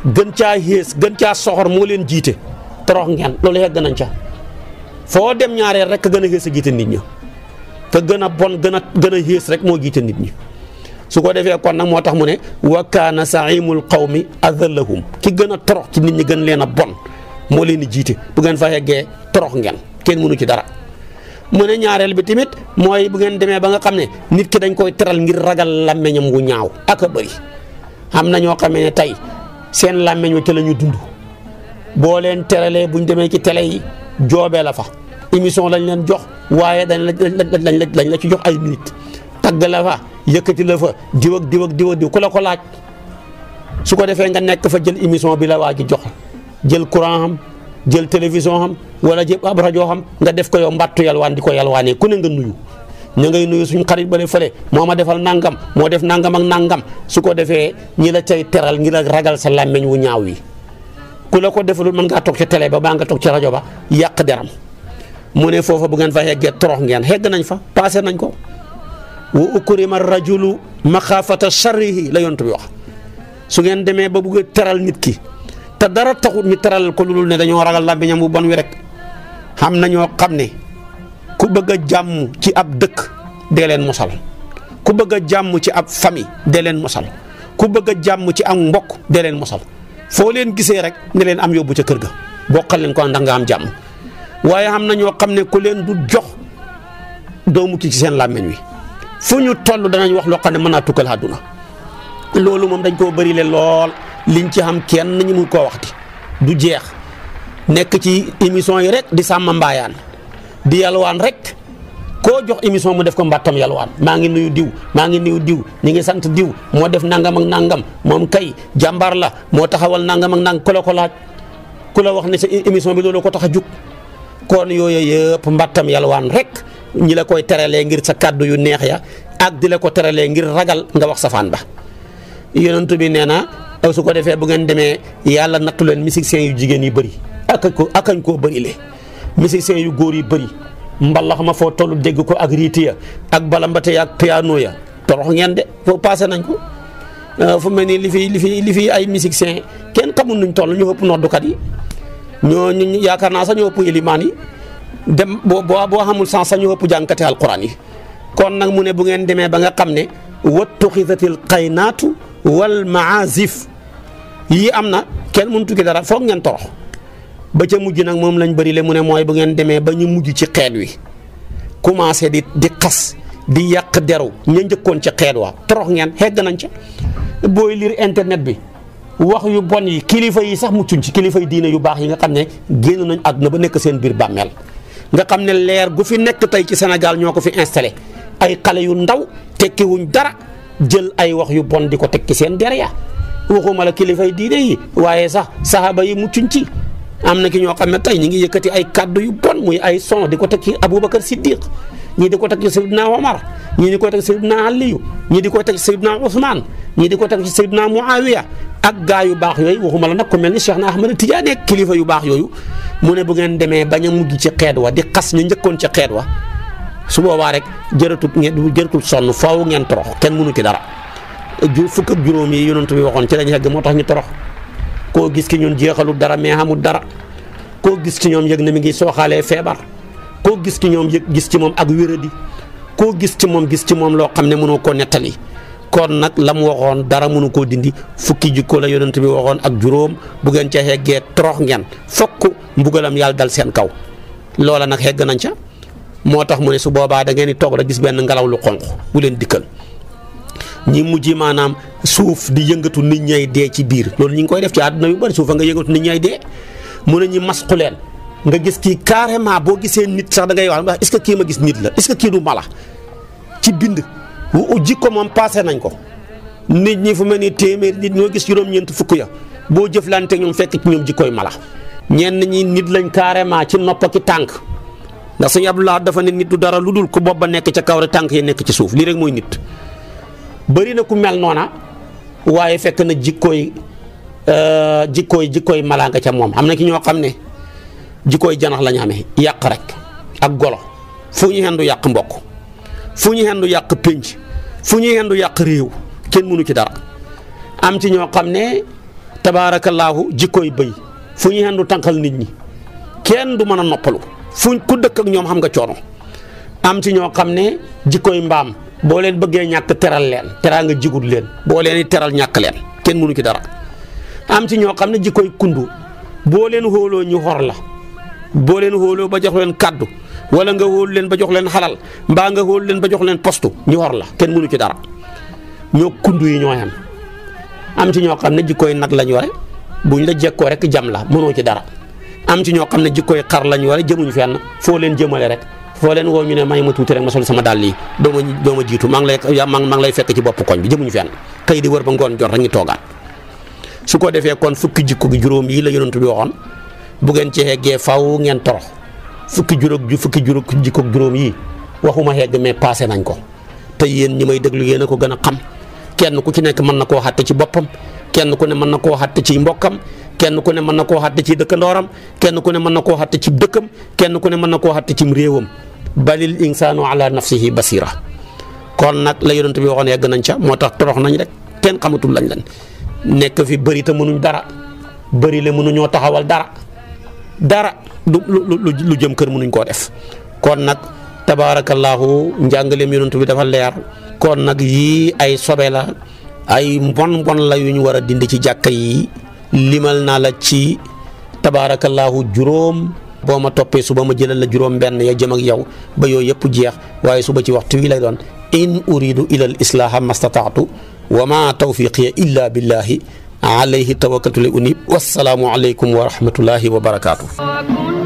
gën caa yées gën caa soxor moo leen jiite torox ngeen loolu yegg nañ foo dem ñaareel rek ka gën a yées a jiite nit ñi ka gën a bon gën a gën a yées rek moo jiite nit ñi su ko defee kon nag moo tax mu ne wa kaana saimul qawmi adallahum ki gën a torox ci nit ñi gën leen a bon moo leen di jiite bu ngeen fa yeggee torox ngeen kenn mënu ci dara mu ne ñaareel bi tamit mooy bu ngeen demee ba nga xam ne nit ki dañ koy teral ngir ragal làmmeñam gu ñaaw ak a bëri am na ñoo xamee ne tey seen làmmeñ wi te la ñu dund boo leen teralee buñ demee ci tele yi joobee la fa émission lañ leen jox waaye dañ la lañ la lañ la ci jox ay minutes tagg la fa yëkkati la fa diw ak diw di diw ko laaj su ko defee nga nekk fa jël émission bi la waa ji jox jël courant am jël télévision ham, wala jëb ab radio xam nga def ko yow mbattu yalwaan diko ko yalwaanee ku ne nga nuyu ñu ngay nuyu suñu xarit bale fële moo defal nangam mo def nangam ak nangam su ko defee ñi la teral ñi la ragal sa làmmeñ wu ñaaw wi ku la ko defalul man nga tok ci télé ba ba nga tok ci radio ba yaq deram mu né fofu bu ngeen fa heggee torox ngeen hegg nañ fa passé nañ ko wa ukrima rajulu makhafata sharrihi la yontu bi wax su ngeen démé ba bëgg teral nit ki te dara taxut ñu teral ko lu lulul ne dañoo ragal làmmiñam bu bon wi rek xam na ñoo xam ne ku bëgg a jàmm ci ab dëkk dee leen mosal ku bëgg a jàmm ci ab famille dee leen mosal ku bëgg jàmm ci am mbokk dee leen mosal foo leen gisee rek ne leen am yóbbu ca kër ga bokkal leen ko ndax nga am jàmm waaye am na ñoo xam ne ku leen du jox doo mucc ci seen làmmiñ wi fu ñu toll danañ wax loo xam ne mën naa tukkal àdduna loolu moom dañ koo bari leen lool. liñ ci xam kenn ñu mun koo waxti du jeex nek ci émission yi rek di sam mbaayaan di yalwaan rek ko jox émission mu def ko mbattam yalwaan ma ngi nuyu diw ma ngi nuyu diw ñi ngi sant diw mo def nangam ak nangam mom kay jambar la mo taxawal nangam ak nang ko la ko laaj ku la wax ne ci émission bi lolu ko taxaju kon yoy mbattam yalwaan rek ñi la koy teralee ngir sa yu neex ya ak di la ko ngir ragal nga wax safaan ba yonentou bi neena su ko defé bu ngeen démé yalla nattu len musiciens yu jigen yi bari ak ko akagn ko bari le musiciens yu goor yi bari mbalax ma fo tollu dégg ko ak riiti ya, ak balambaté ya ak piano ya torox ngeen de fo passé nañ ko euh, fu melni li fi li fi li fi ay musiciens kèn xamul nuñ tollu ñu ëpp kat yi ñoo ñu yaakaar naa sax ëpp ilimaan yi dem bo bo boo xamul sans sa ñoo ëpp jànkate alquran yi kon nak mu ne bu ngeen démé ba nga xamné wal maazif yi amna, kenn mënu tukki dara fokk ngeen torox ba ca mujj nag moom lañ bari le mu ne mooy bu ngeen demee ba ñu mujj ci xeet wi commencé di di xas di yàq deru ña njëkkoon ci xeet wa torox ngeen xegg nañ ca booy lire internet bi wax yu bon yi kilifa yi sax muccuñ ci kilifa yi diine yu baax yi nga xam ne génn nañ àdduna ba nekk seen biir bàmmeel nga xam ne leer gu fi nekk tey ci Sénégal ñoo ko fi installé ay xale yu ndaw tekkiwuñ dara jël ay wax yu bon di ko tekki seen der ya. waxuma la kilifay diine yi waaye sax sahaba yi muccuñ ci am na ki ñoo xam ne tey ñu ngi yëkkati ay kàddu yu bon muy ay son di ko teg ci Aboubacar Siddiq ñii di ko teg ci Seydina Omar ñii di ko teg ci naa Aliyu ñii di ko teg ci Seydina Ousmane ñii di ko teg ci naa Seydina Muawiya ak gaa yu baax yooyu waxuma la nag ku mel ni Cheikh na Ahmad a ak kilifa yu baax yooyu mu ne bu ngeen demee bañ a mujj ci xeet wa di xas ñu njëkkoon ci xeet wa su boobaa rek jërëtul ngeen jërëtul sonn faaw ngeen torox kenn mënu ci dara. fukk ak juróom yi yonent bi waxoon ci lañ yegg moo tax ñu torox koo gis ki ñun jeexalu dara mais amul dara koo gis ci ñoom yëg na mi ngi sooxaalee feebar koo gis ci ñoom gis ci moom ak wéradi koo gis ci moom gis ci moom loo xam ne mënoo koo nettali kon nag la mu waxoon dara mënu koo dindi fukki jikko la yonent bi waxoon ak juróom bu ngeen ca xeggee torox ngeen fokk mbugalam yàlla dal seen kaw loola nag xegg nañ ca moo tax mu ne su boobaa da ngeen di toog rek gis benn ngelaw lu xonq bu leen dikkal ñi mujj maanaam suuf di yëngatu nit ñay dee ci biir loolu ñu ngi koy def ci àdduna yu bari suuf nga yëngatu nit ñay dee mu ne ñi masqu leen nga gis kii carrément boo gisee nit sax da ngay wax est-ce que kii ma gis nit la est-ce que kii du mala ci bind wu jikko moom passé nañ ko nit ñi fu mel ni téeméer nit ñoo gis juróom-ñeent fukk ya boo jëflante ñoom fekk ci ñoom jikkoy mala ñenn ñi nit lañ carrément ci nopp ki tànk ndax sëñ laa dafa ne nit du dara lu dul ku bopp ba nekk ca kaw rek tànk yi nekk ci suuf lii rek mooy nit bëri na ku mel noona waaye fekk na jikkooy euh, jikkooy jikkooy malaa nga ca moom am na ki ñoo xam ne jikkooy janax lañu ñu yàq rek ak golo fu ñu xendu yàq mbokk fu ñu xendu yàq pénc fu ñu xendu yàq réew kenn mënu ci dara am ci ñoo xam ne tabaarakallaahu jikkooy bëy fu ñu xendu tànqal nit ñi kenn du mën a noppalu fuñ ku dëkk ak ñoom xam nga coono am ci ñoo xam ne jikkooy mbaam boo leen bëggee ñàkk teral leen teraa nga jigut leen boo leen di teral ñàkk leen kenn mënu ci dara am ci ñoo xam ne jikkoy kundu boo leen xóoloo ñu xor la boo leen xóoloo ba jox leen kàddu wala nga xóol leen ba jox leen xalal mbaa nga xóol leen ba jox leen postu ñu xor la kenn mënu ci dara ñoo kundu yi ñoo am ci ñoo xam ne jikkooy nag lañ yore buñ la jekkoo rek jam la munoo ci dara am ci ñoo xam ne jikkooy xar lañ yore jëmuñ fenn foo leen jëmale rek fo len wo ñu ne may mu tuti rek ma sol sama Dali, li doo ma doo ma jiitu maa mang lay lay fekk ci bop koñ bi jëmuñu fenn kay di wër ba ngon jor rek ñu su ko defé kon fukki jikko gi juroom yi la yonentu bi waxon bu gën ci hegge faw ngeen torox fukki jurok ju fukki jurok jikko juroom yi waxuma xegg mais passé nañ ko te yeen ñi may deglu yeen ko gëna xam kenn ku ci nekk man nako ci bopam kenn ku ne man nako ci mbokam kenn ku ne man nako ci dekk ndoram kenn ku ne man nako ci dekkam kenn ku ne man nako ci rewam balil insaanu ala nafsihi basira kon nag la yonent bi waxoon yegg nañ ca moo tax torox nañ rek kenn xamatul lañ lan nekk fi bëri te mënuñ dara bëri le mënuñoo taxawal dara dara du lu lu jëm kër mënuñ koo def kon nag tabaarakallaahu njàngaleem yonent bi dafa leer kon nag yii ay sobe la ay mbon mbon la yu ñu war a dindi ci jàkka yi limal naa la ci tabaarakallaahu juróom boo ma toppee suba ma jëlal la juróom-benn ya jëm ak yow ba yooyu yëpp jeex waaye suba ci waxtu wi lay doon in uridu ila al islaaha mastataatu wa ma tawfiqiya illa billahi alayhi tawakkaltu li unib wassalaamu aleykum wa rahmatullahi wa barakaatu